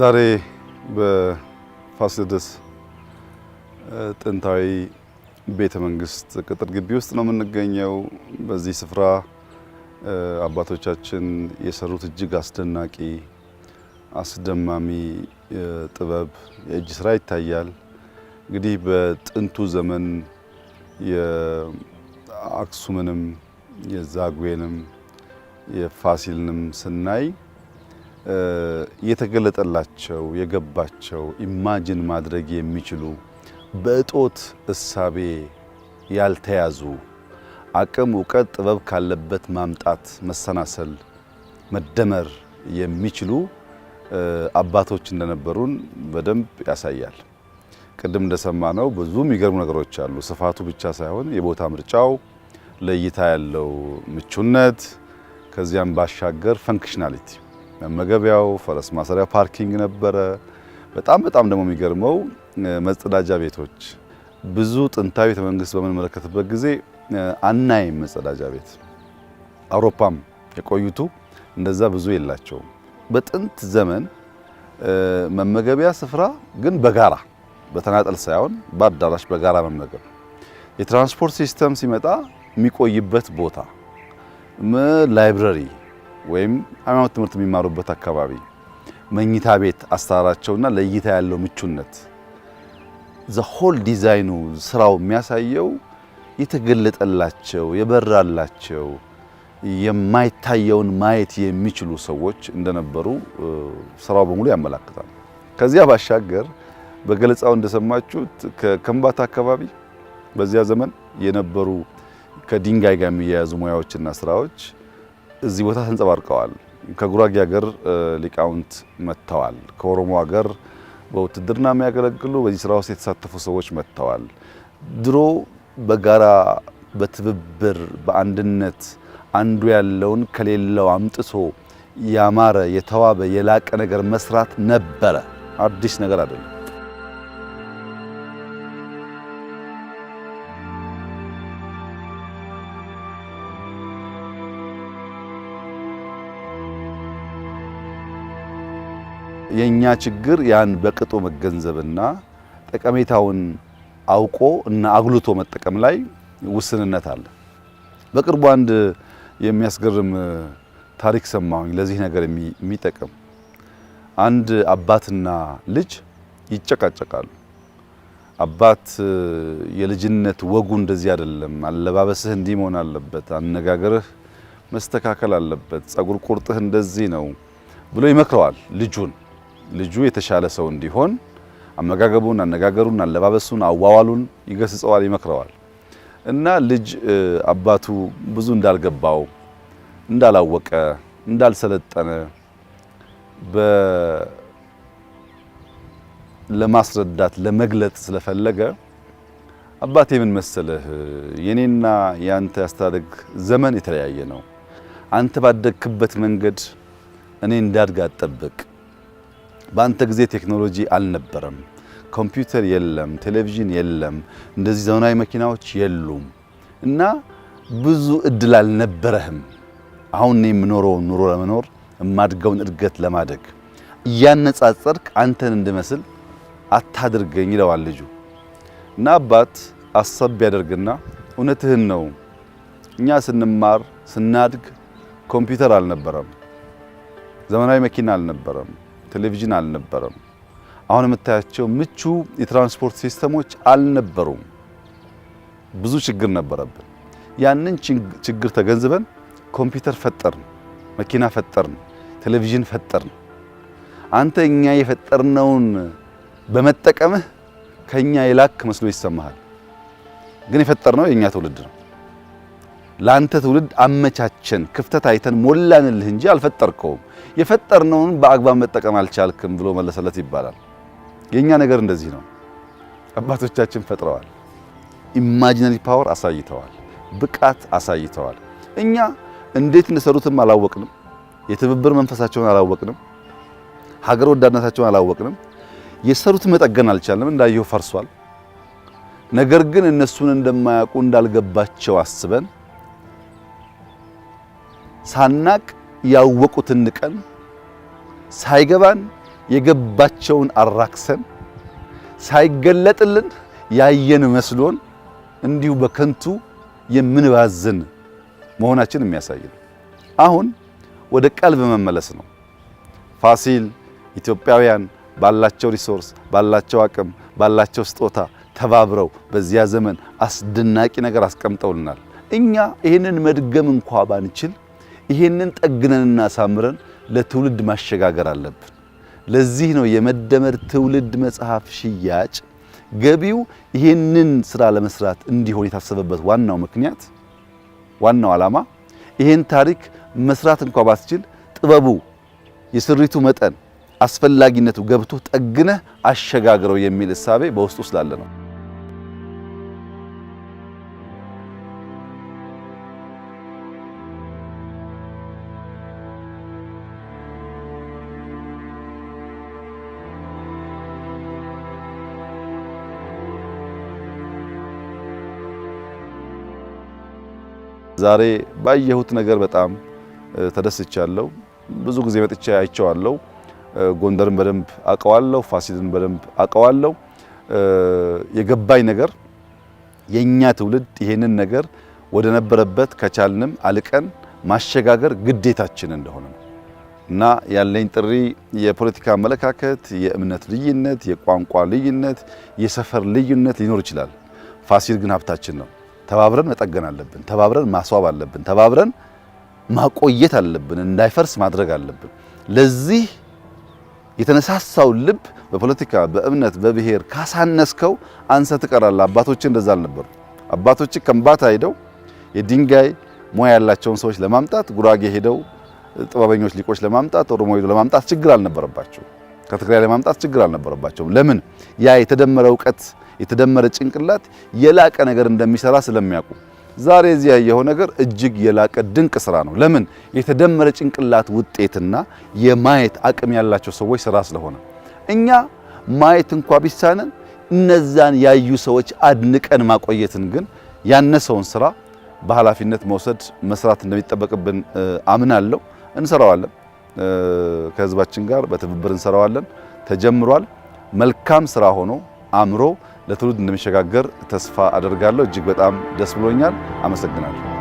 ዛሬ በፋሲለደስ ጥንታዊ ቤተ መንግስት ቅጥር ግቢ ውስጥ ነው የምንገኘው። በዚህ ስፍራ አባቶቻችን የሰሩት እጅግ አስደናቂ አስደማሚ ጥበብ የእጅ ስራ ይታያል። እንግዲህ በጥንቱ ዘመን የአክሱምንም የዛጉዌንም የፋሲልንም ስናይ የተገለጠላቸው የገባቸው ኢማጅን ማድረግ የሚችሉ በእጦት እሳቤ ያልተያዙ አቅም፣ እውቀት፣ ጥበብ ካለበት ማምጣት፣ መሰናሰል፣ መደመር የሚችሉ አባቶች እንደነበሩን በደንብ ያሳያል። ቅድም እንደሰማ ነው ብዙ የሚገርሙ ነገሮች አሉ። ስፋቱ ብቻ ሳይሆን የቦታ ምርጫው፣ ለእይታ ያለው ምቹነት፣ ከዚያም ባሻገር ፈንክሽናሊቲ መመገቢያው፣ ፈረስ ማሰሪያ ፓርኪንግ ነበረ። በጣም በጣም ደግሞ የሚገርመው መጸዳጃ ቤቶች ብዙ ጥንታዊ ቤተ መንግስት በምንመለከትበት ጊዜ አናይም መጸዳጃ ቤት። አውሮፓም የቆዩቱ እንደዛ ብዙ የላቸውም። በጥንት ዘመን መመገቢያ ስፍራ ግን በጋራ በተናጠል ሳይሆን በአዳራሽ በጋራ መመገብ፣ የትራንስፖርት ሲስተም ሲመጣ የሚቆይበት ቦታ፣ ላይብረሪ ወይም ሃይማኖት ትምህርት የሚማሩበት አካባቢ መኝታ ቤት አሰራራቸውና ለእይታ ያለው ምቹነት ዘሆል ዲዛይኑ ስራው የሚያሳየው የተገለጠላቸው የበራላቸው የማይታየውን ማየት የሚችሉ ሰዎች እንደነበሩ ስራው በሙሉ ያመላክታል። ከዚያ ባሻገር በገለጻው እንደሰማችሁት ከከምባታ አካባቢ በዚያ ዘመን የነበሩ ከድንጋይ ጋር የሚያያዙ ሙያዎችና ስራዎች እዚህ ቦታ ተንጸባርቀዋል። ከጉራጌ ሀገር ሊቃውንት መጥተዋል። ከኦሮሞ ሀገር በውትድርና የሚያገለግሉ በዚህ ስራ ውስጥ የተሳተፉ ሰዎች መጥተዋል። ድሮ በጋራ በትብብር በአንድነት አንዱ ያለውን ከሌላው አምጥቶ ያማረ የተዋበ የላቀ ነገር መስራት ነበረ። አዲስ ነገር አይደለም። የእኛ ችግር ያን በቅጡ መገንዘብና ጠቀሜታውን አውቆ እና አጉልቶ መጠቀም ላይ ውስንነት አለ። በቅርቡ አንድ የሚያስገርም ታሪክ ሰማሁኝ ለዚህ ነገር የሚጠቅም። አንድ አባትና ልጅ ይጨቃጨቃሉ። አባት የልጅነት ወጉ እንደዚህ አይደለም፣ አለባበስህ እንዲህ መሆን አለበት፣ አነጋገርህ መስተካከል አለበት፣ ጸጉር ቁርጥህ እንደዚህ ነው ብሎ ይመክረዋል ልጁን። ልጁ የተሻለ ሰው እንዲሆን አመጋገቡን፣ አነጋገሩን፣ አለባበሱን፣ አዋዋሉን ይገስጸዋል፣ ይመክረዋል እና ልጅ አባቱ ብዙ እንዳልገባው፣ እንዳላወቀ፣ እንዳልሰለጠነ ለማስረዳት ለመግለጥ ስለፈለገ አባቴ ምን መሰለህ፣ የኔና የአንተ ያስተዳደግ ዘመን የተለያየ ነው። አንተ ባደግክበት መንገድ እኔ እንዳድግ አትጠብቅ በአንተ ጊዜ ቴክኖሎጂ አልነበረም፣ ኮምፒውተር የለም፣ ቴሌቪዥን የለም፣ እንደዚህ ዘመናዊ መኪናዎች የሉም እና ብዙ እድል አልነበረህም። አሁን እኔ የምኖረውን ኑሮ ለመኖር የማድገውን እድገት ለማደግ እያነጻጸርክ አንተን እንድመስል አታድርገኝ ይለዋል ልጁ እና አባት አሰብ ቢያደርግና እውነትህን ነው። እኛ ስንማር ስናድግ ኮምፒውተር አልነበረም፣ ዘመናዊ መኪና አልነበረም፣ ቴሌቪዥን አልነበረም። አሁን የምታያቸው ምቹ የትራንስፖርት ሲስተሞች አልነበሩም። ብዙ ችግር ነበረብን። ያንን ችግር ተገንዝበን ኮምፒውተር ፈጠርን፣ መኪና ፈጠርን፣ ቴሌቪዥን ፈጠርን። አንተ እኛ የፈጠርነውን በመጠቀምህ ከኛ የላክ መስሎ ይሰማሃል፣ ግን የፈጠርነው የእኛ ትውልድ ነው። ለአንተ ትውልድ አመቻቸን፣ ክፍተት አይተን ሞላንልህ እንጂ አልፈጠርከውም፣ የፈጠርነውን በአግባብ መጠቀም አልቻልክም ብሎ መለሰለት ይባላል። የእኛ ነገር እንደዚህ ነው። አባቶቻችን ፈጥረዋል፣ ኢማጂነሪ ፓወር አሳይተዋል፣ ብቃት አሳይተዋል። እኛ እንዴት እንደሰሩትም አላወቅንም፣ የትብብር መንፈሳቸውን አላወቅንም፣ ሀገር ወዳድነታቸውን አላወቅንም። የሰሩት መጠገን አልቻልንም፣ እንዳየው ፈርሷል። ነገር ግን እነሱን እንደማያውቁ እንዳልገባቸው አስበን ሳናቅ ያወቁትን ንቀን ሳይገባን የገባቸውን አራክሰን ሳይገለጥልን ያየን መስሎን እንዲሁ በከንቱ የምንባዝን መሆናችን የሚያሳይ ነው። አሁን ወደ ቀልብ መመለስ ነው። ፋሲል ኢትዮጵያውያን ባላቸው ሪሶርስ፣ ባላቸው አቅም፣ ባላቸው ስጦታ ተባብረው በዚያ ዘመን አስደናቂ ነገር አስቀምጠውልናል። እኛ ይህንን መድገም እንኳ ባንችል ይሄንን ጠግነንና ሳምረን ለትውልድ ማሸጋገር አለብን። ለዚህ ነው የመደመር ትውልድ መጽሐፍ ሽያጭ ገቢው ይሄንን ስራ ለመስራት እንዲሆን የታሰበበት ዋናው ምክንያት ዋናው ዓላማ ይሄን ታሪክ መስራት እንኳ ባስችል ጥበቡ የስሪቱ መጠን አስፈላጊነቱ ገብቶ ጠግነህ አሸጋግረው የሚል እሳቤ በውስጡ ስላለ ነው። ዛሬ ባየሁት ነገር በጣም ተደስቻለሁ። ብዙ ጊዜ መጥቼ አይቼዋለሁ። ጎንደርን በደንብ አውቀዋለሁ። ፋሲልን በደንብ አውቀዋለሁ። የገባኝ ነገር የኛ ትውልድ ይሄንን ነገር ወደ ነበረበት ከቻልንም አልቀን ማሸጋገር ግዴታችን እንደሆነ ነው እና ያለኝ ጥሪ የፖለቲካ አመለካከት፣ የእምነት ልዩነት፣ የቋንቋ ልዩነት፣ የሰፈር ልዩነት ሊኖር ይችላል። ፋሲል ግን ሀብታችን ነው። ተባብረን መጠገን አለብን። ተባብረን ማስዋብ አለብን። ተባብረን ማቆየት አለብን። እንዳይፈርስ ማድረግ አለብን። ለዚህ የተነሳሳው ልብ በፖለቲካ፣ በእምነት፣ በብሔር ካሳነስከው አንሰ ትቀራለህ። አባቶች እንደዛ አልነበሩ። አባቶች ከምባታ ሄደው የድንጋይ ሙያ ያላቸውን ሰዎች ለማምጣት፣ ጉራጌ ሄደው ጥበበኞች ሊቆች ለማምጣት፣ ኦሮሞ ሄደው ለማምጣት ችግር አልነበረባቸው። ከትግራይ ለማምጣት ችግር አልነበረባቸውም። ለምን ያ የተደመረ እውቀት የተደመረ ጭንቅላት የላቀ ነገር እንደሚሰራ ስለሚያውቁ ዛሬ እዚህ ያየው ነገር እጅግ የላቀ ድንቅ ስራ ነው። ለምን የተደመረ ጭንቅላት ውጤትና የማየት አቅም ያላቸው ሰዎች ስራ ስለሆነ እኛ ማየት እንኳ ቢሳነን እነዛን ያዩ ሰዎች አድንቀን ማቆየትን ግን ያነሰውን ስራ በኃላፊነት መውሰድ መስራት እንደሚጠበቅብን አምናለሁ። እንሰራዋለን። ከህዝባችን ጋር በትብብር እንሰራዋለን። ተጀምሯል። መልካም ስራ ሆኖ አምሮ ለትውልድ እንደሚሸጋገር ተስፋ አደርጋለሁ። እጅግ በጣም ደስ ብሎኛል። አመሰግናለሁ።